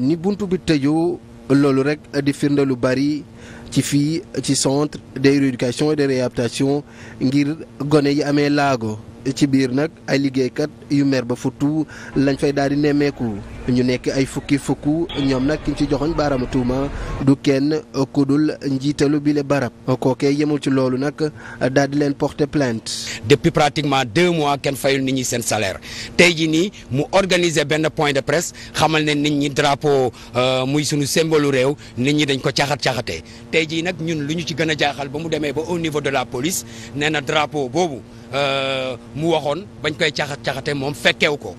ni bunt bi tëjoo loolu rek di firnde lu bari ci fii ci centre de rééducation et de réadaptation ngir gone yi amee laago ci biir nag ay liggéeykat yu mer ba futtu lañ fay daal di nemmeeku. ñu nekk ay fukki fukku ñoom nag ñu ci joxoñ baaraama tuuma du kenn kudul njiitalu bile barab kookee yemul ci loolu nag daal di leen porter plainte depuis pratiquement deux mois kenn fayul nit ñi seen salaire tey jii nii mu organiser benn point de presse xamal ne nit ñi drapeau euh, muy sunu symbole réew nit ñi dañ ko caxat caxate tey jii nag ñun lu ñu ci gën a jaaxal ba mu demee ba au niveau de la police nee na drapeau boobu euh, mu waxoon bañ koy caxat caxate moom fekkeew ko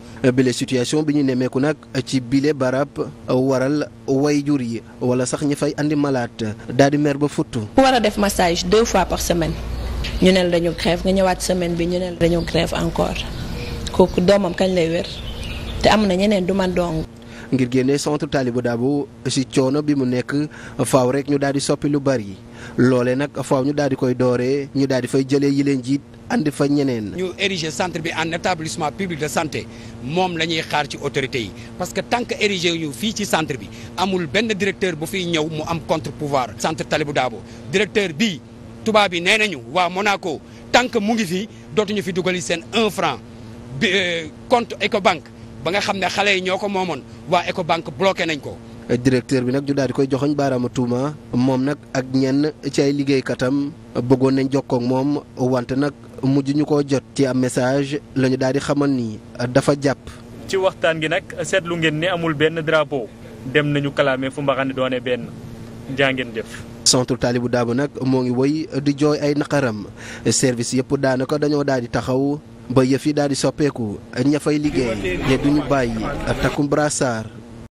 ci bile barab waral wayjur yi wala sax ñi fay andi malaat daal di ba futtu ku war a def massage deux fois par semaine ñu ne la dañu grève nga ñëwaat semaine bi ñu ne la dañu grève encore kooku doomam kañ lay wér te am na ñeneen du dong ngir génne centre Talibou Dabo ci coono bi mu nekk faaw rek ñu daal di soppi lu bari loole nag faaw ñu daal di koy dooree ñu daal di fay jëlee yi leen jiit andi fa ñeneen. ñu ériger centre bi en établissement public de santé moom la ñuy xaar ci autorités yi parce que tant que ériger ñu fii ci centre bi amul benn directeur bu fiy ñëw mu am contre pouvoir. centre Talibou Dabo directeur bi tubaab yi nee nañu waa Monaco tant que mu ngi fi dootuñu fi dugali seen un franc bi euh, compte Ecobank. ba nga xam ne xale yi ñoo ko moomoon waa Ecobank bloqué nañ ko. directeur bi nag ñu daal di koy joxoñ baaraama tuuma moom nag ak ñenn ci ay liggéeykatam bëggoon nañ jokkoog moom wante nag mujj ñu ko jot ci am message la ñu daal di xamal nii dafa jàpp. ci waxtaan gi nag seetlu ngeen ni amul benn drapeau dem nañu kalaame fu mbaxane doone benn jàngeen def. centre Talibou Dabo nag moo ngi woy di jooy ay naqaram service yëpp daanaka dañoo daal di taxaw. ba yëf yi daal di soppeeku ña fay liggéey te duñu bàyyi takkum brassard